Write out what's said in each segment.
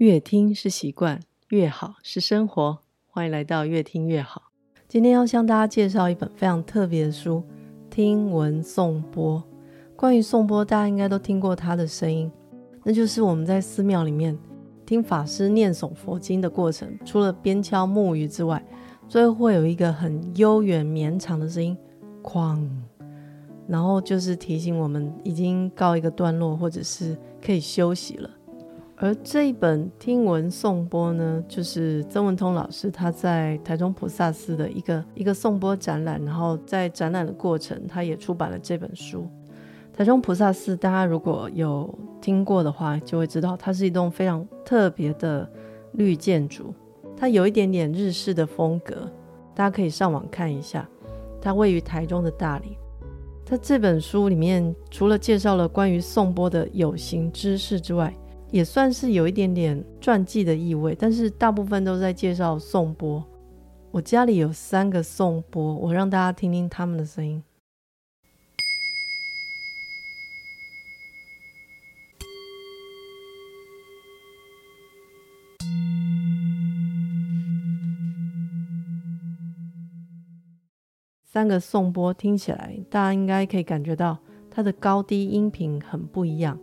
越聽是習慣，越好是生活。歡迎來到越聽越好。今天要向大家介紹一本非常特別的書——《聽聞頌缽》。關於頌缽，大家應該都聽過它的聲音，那就是我們在寺廟裡面聽法師念誦佛經的過程，除了邊敲木魚之外，最後會有一個很悠遠綿長的聲音“哐”，然後就是提醒我們已經告一個段落，或者是可以休息了。而這一本《聽聞頌缽》呢，就是曾文通老師他在台中菩薩寺的一個一個頌缽展覽，然後在展覽的過程，他也出版了這本書。台中菩薩寺，大家如果有聽過的話，就會知道它是一棟非常特別的綠建築，它有一點點日式的風格。大家可以上網看一下，它位於台中的大里，它這本書裡面，除了介紹了關於頌缽的有形知識之外，也算是有一點點傳記的意味，但是大部分都在介紹頌缽。我家裡有三個頌缽，我讓大家聽聽他們的聲音。三個頌缽聽起來，大家應該可以感覺到它的高低音頻很不一樣。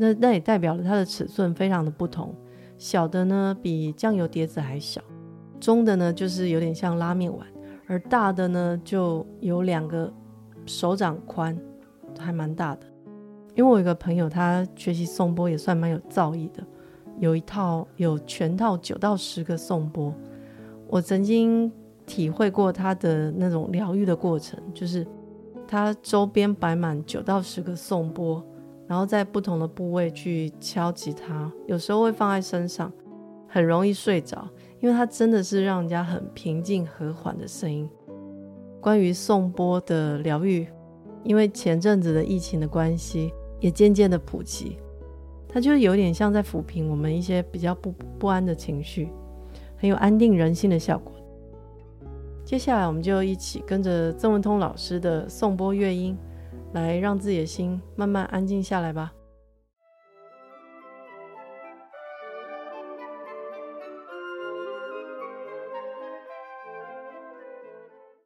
那那也代表了它的尺寸非常的不同，小的呢比醬油碟子還小，中的呢就是有點像拉麵碗，而大的呢就有兩個手掌寬，還蠻大的。因為我有一個朋友，他學習頌缽也算蠻有造詣的，有一套有全套九到十個頌缽。我曾經體會過他的那種療癒的過程，就是他周邊擺滿九到十個頌缽，然後在不同的部位去敲擊它，有時候會放在身上，很容易睡着，因為它真的是讓人家很平靜和緩的聲音。關於頌缽的療癒，因為前陣子的疫情的關係，也漸漸的普及，它就有點像在撫平我們一些比較不不安的情緒，很有安定人心的效果。接下來我們就一起跟着曾文通老師的頌缽樂音。來，讓自己的心慢慢安靜下來吧。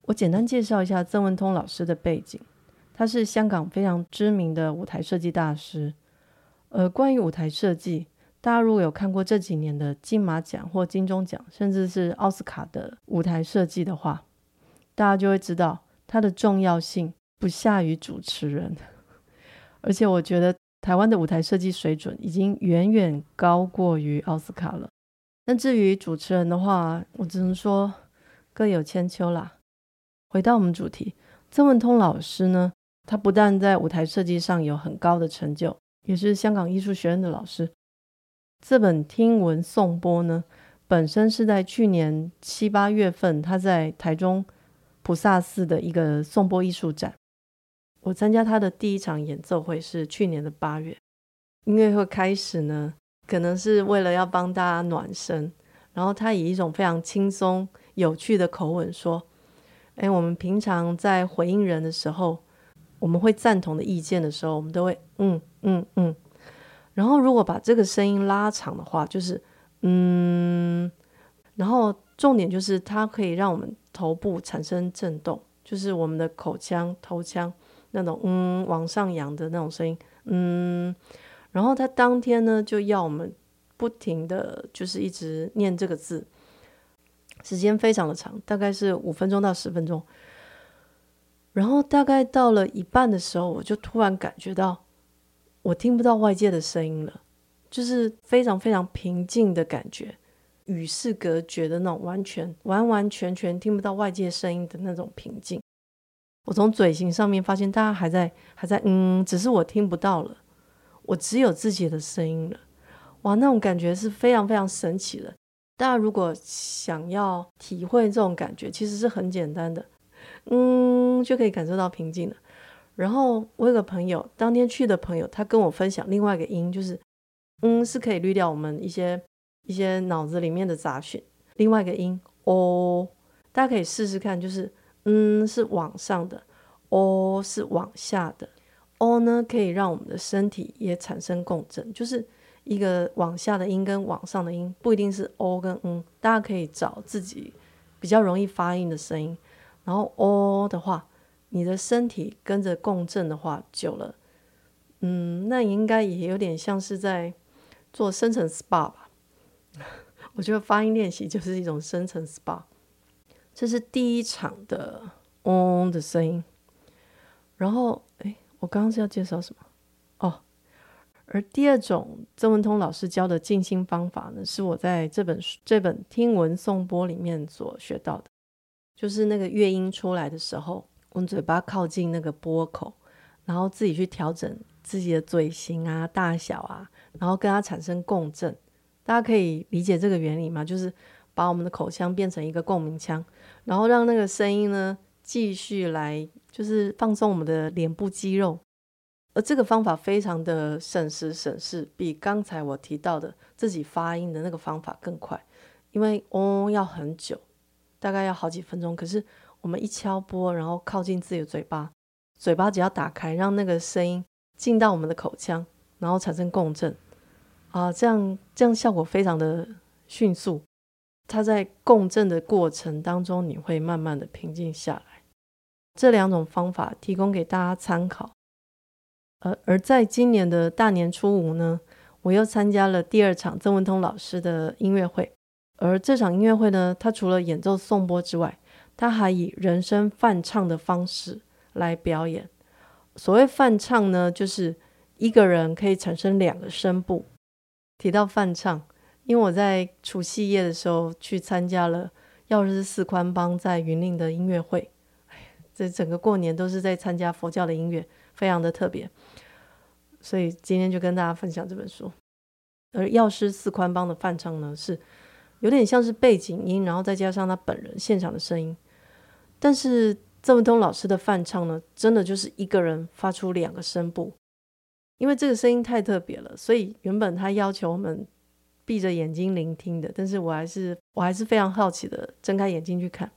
我簡單介紹一下曾文通老師的背景，他是香港非常知名的舞台設計大師。而關於舞台設計，大家如果有看過這幾年的金馬獎或金鐘獎，甚至是奧斯卡的舞台設計的話，大家就會知道它的重要性。不下於主持人，而且我覺得台灣的舞台設計水準已經遠遠高過於奧斯卡了。但至於主持人的話，我只能說各有千秋啦。回到我們主題，曾文通老師呢，他不但在舞台設計上有很高的成就，也是香港藝術學院的老師。這本《聽聞頌缽》呢，本身是在去年七八月份，他在台中菩薩寺的一個頌缽藝術展。我參加他的第一場演奏會是去年的八月。音樂會開始呢，可能是為了要幫大家暖身，然後他以一種非常輕鬆、有趣的口吻說：“哎，我們平常在回應人的時候，我們會贊同的意見的時候，我們都會嗯嗯嗯。然後如果把這個聲音拉長的話，就是嗯。然後重點就是它可以讓我們頭部產生震動，就是我們的口腔、頭腔。”那種嗯往上揚的那種聲音，嗯，然後他當天呢就要我們不停的就是一直念這個字，時間非常的長，大概是五分鐘到十分鐘。然後大概到了一半的時候，我就突然感覺到我聽不到外界的聲音了，就是非常非常平靜的感覺，與世隔絕的那種，完全完完全全聽不到外界聲音的那種平靜。我從嘴型上面發現，大家還在還在，嗯，只是我聽不到了，我只有自己的聲音了，哇，那種感覺是非常非常神奇的。大家如果想要體會這種感覺，其實是很簡單的，嗯，就可以感受到平靜了。然後我有個朋友，當天去的朋友，他跟我分享另外一個音，就是嗯，是可以濾掉我們一些一些腦子裡面的雜訊。另外一個音，哦，大家可以試試看，就是。嗯，是往上的，哦是往下的，哦呢可以讓我們的身體也產生共振，就是一個往下的音跟往上的音，不一定是哦跟嗯，大家可以找自己比較容易發音的聲音，然後哦的話，你的身體跟着共振的話，久了，嗯，那應該也有點像是在做深層 SPA 吧， 我覺得發音練習就是一種深層 SPA。這是第一場的嗡，嗡的聲音，然後哎，我剛剛是要介紹什麼？哦，而第二種曾文通老師教的靜心方法呢，是我在這本書這本《聽聞頌缽》裡面所學到的，就是那個樂音出來的時候，我嘴巴靠近那個缽口，然後自己去調整自己的嘴型啊、大小啊，然後跟它產生共振。大家可以理解這個原理嗎？就是把我們的口腔變成一個共鳴腔。然後讓那個聲音呢繼續來，就是放鬆我們的臉部肌肉。而這個方法非常的省時省事，比剛才我提到的自己發音的那個方法更快，因為哦哦，要很久，大概要好幾分鐘。可是我們一敲缽，然後靠近自己的嘴巴，嘴巴只要打開，讓那個聲音進到我們的口腔，然後產生共振啊，這樣這樣效果非常的迅速。它在共振的過程當中，你會慢慢的平靜下來。這兩種方法提供給大家參考。而而在今年的大年初五呢，我又參加了第二場曾文通老師的音樂會。而這場音樂會呢，他除了演奏頌缽之外，他還以人聲泛唱的方式來表演。所謂泛唱呢，就是一個人可以產生兩個聲部。提到泛唱。因為我在除夕夜的時候去參加了藥師寺寬邦在雲林的音樂會，哎呀，這整個過年都是在參加佛教的音樂，非常的特別。所以今天就跟大家分享這本書。而藥師寺寬邦的範唱呢，是有點像是背景音，然後再加上他本人現場的聲音。但是曾文通老師的範唱呢，真的就是一個人發出兩個聲部，因為這個聲音太特別了，所以原本他要求我們。閉着眼睛聆聽的，但是我還是我還是非常好奇地，睜開眼睛去看，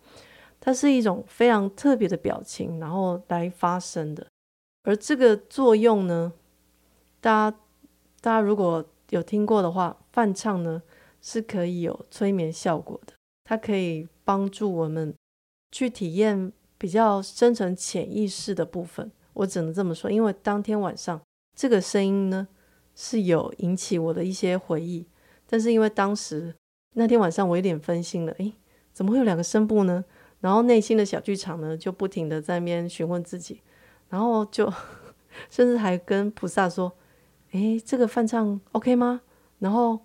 它是一種非常特別的表情，然後來發聲的。而這個作用呢，大家大家如果有聽過的話，梵唱呢是可以有催眠效果的，它可以幫助我們去體驗比較深層潛意識的部分。我只能這麼說，因為當天晚上這個聲音呢是有引起我的一些回憶。但是因為當時那天晚上我有點分心了，哎，怎麼會有兩個聲部呢？然後內心的小劇場呢就不停的在那邊詢問自己，然後就甚至還跟菩薩說：“哎，這個梵唱 OK 嗎？然後，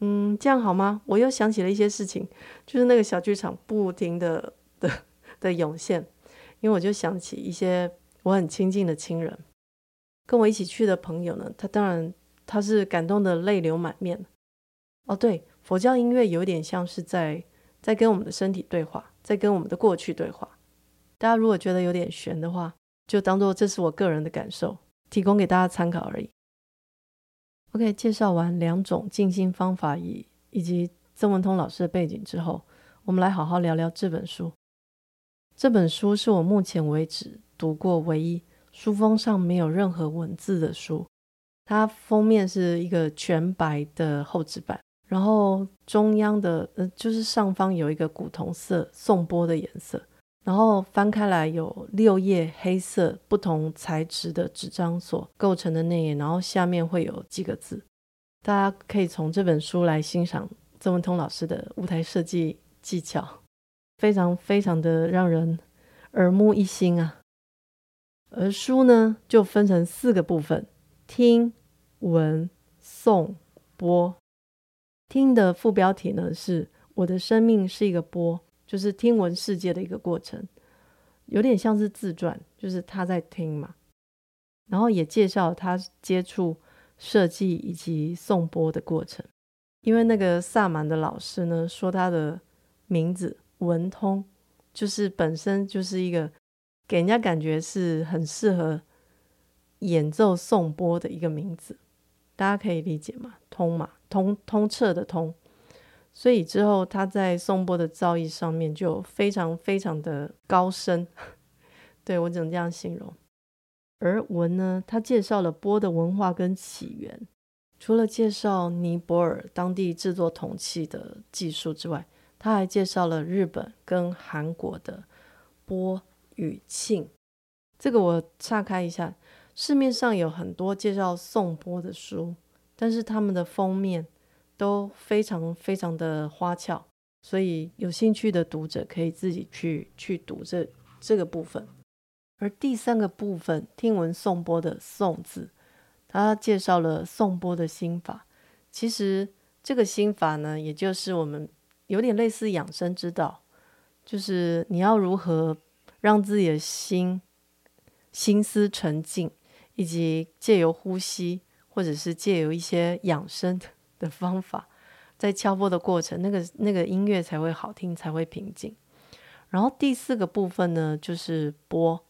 嗯，這樣好嗎？”我又想起了一些事情，就是那個小劇場不停的的的湧現，因為我就想起一些我很親近的親人，跟我一起去的朋友呢，他當然他是感動得淚流滿面。哦，對，佛教音樂有點像是在在跟我們的身體對話，在跟我們的過去對話。大家如果覺得有點玄的話，就當做這是我個人的感受，提供給大家參考而已。OK，介紹完兩種靜心方法以以及曾文通老師的背景之後，我們來好好聊聊這本書。這本書是我目前為止讀過唯一書封上沒有任何文字的書，它封面是一個全白的厚紙板。然後中央的，呃，就是上方有一個古銅色頌缽的顏色，然後翻開來有六頁黑色不同材質的紙張所構成的內頁，然後下面會有幾個字，大家可以從這本書來欣賞曾文通老師的舞台設計技巧，非常非常的讓人耳目一新啊。而書呢，就分成四個部分：聽、聞、頌、缽。聽的副標題呢是“我的生命是一個波”，就是聽聞世界的一個過程，有點像是自傳，就是他在聽嘛。然後也介紹他接觸設計以及頌缽的過程。因為那個薩滿的老師呢，說他的名字文通，就是本身就是一個給人家感覺是很適合演奏頌缽的一個名字，大家可以理解嗎？通嘛。通通徹的通，所以之後他在頌缽的造詣上面就非常非常的高深， 對，我只能這樣形容。而文呢，他介紹了缽的文化跟起源，除了介紹尼泊爾當地製作銅器的技術之外，他還介紹了日本跟韓國的缽與磬。這個我岔開一下，市面上有很多介紹頌缽的書。但是他們的封面都非常非常的花俏，所以有興趣的讀者可以自己去去讀這這個部分。而第三個部分，聽聞頌缽的“頌”字，他介紹了頌缽的心法。其實這個心法呢，也就是我們有點類似養生之道，就是你要如何讓自己的心心思沉靜，以及借由呼吸。或者是借由一些養生的方法，在敲缽的過程，那個那個音樂才會好聽，才會平靜。然後第四個部分呢，就是缽。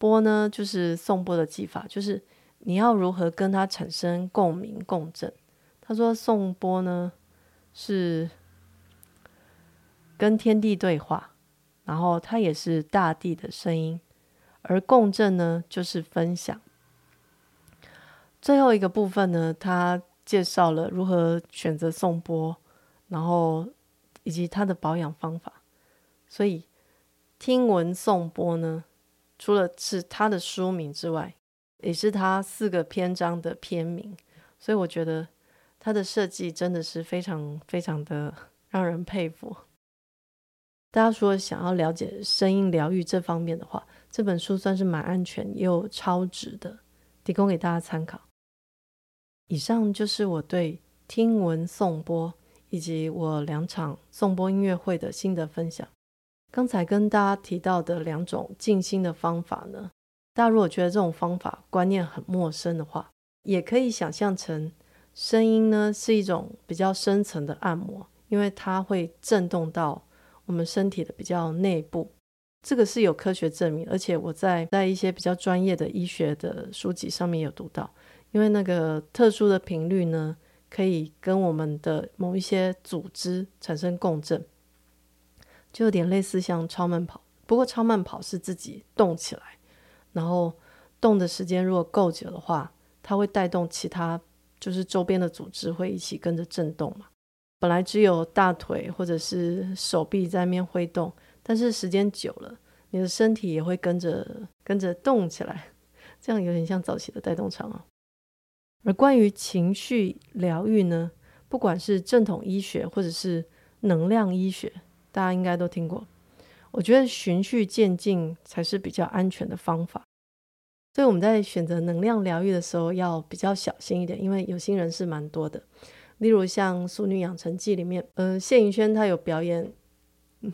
缽呢，就是頌缽的技法，就是你要如何跟它產生共鳴共振。他說頌缽呢是跟天地對話，然後它也是大地的聲音，而共振呢就是分享。最後一個部分呢，他介紹了如何選擇頌缽，然後以及它的保養方法。所以聽聞頌缽呢，除了是它的書名之外，也是它四個篇章的篇名。所以我覺得它的設計真的是非常非常的讓人佩服。大家說想要了解聲音療癒這方面的話，這本書算是蠻安全又超值的，提供給大家參考。以上就是我對聽聞頌缽，以及我兩場頌缽音樂會的心得分享。剛才跟大家提到的兩種靜心的方法呢，大家如果覺得這種方法觀念很陌生的話，也可以想象成聲音呢是一種比較深層的按摩，因為它會震動到我們身體的比較內部。這個是有科學證明，而且我在在一些比較專業的醫學的書籍上面有讀到。因為那個特殊的頻率呢，可以跟我們的某一些組織產生共振，就有點類似像超慢跑，不過超慢跑是自己動起來，然後動的時間如果夠久的話，它會帶動其他，就是周邊的組織會一起跟着震動嘛。本來只有大腿或者是手臂在那邊揮動，但是時間久了，你的身體也會跟着跟着動起來，這樣有點像早期的帶動唱啊、哦。而關於情緒療癒呢，不管是正統醫學或者是能量醫學，大家應該都聽過。我覺得循序漸進才是比較安全的方法，所以我們在選擇能量療癒的時候要比較小心一點，因為有心人是蠻多的。例如像《俗女養成記》裡面，嗯、呃，謝盈萱他有表演、嗯，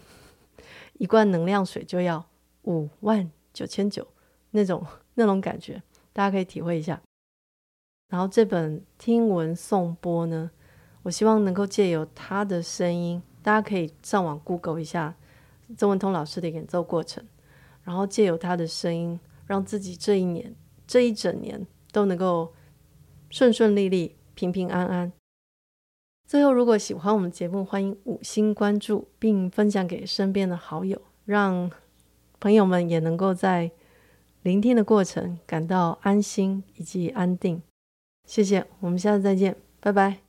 一罐能量水就要五萬九千九那種那種感覺，大家可以體會一下。然後這本《聽聞頌缽》呢，我希望能夠借由他的聲音，大家可以上網 Google 一下曾文通老師的演奏過程，然後借由他的聲音，讓自己這一年、這一整年都能夠順順利利、平平安安。最後，如果喜歡我們節目，歡迎五星關注並分享給身邊的好友，讓朋友們也能夠在聆聽的過程感到安心以及安定。謝謝，我們下次再見，拜拜。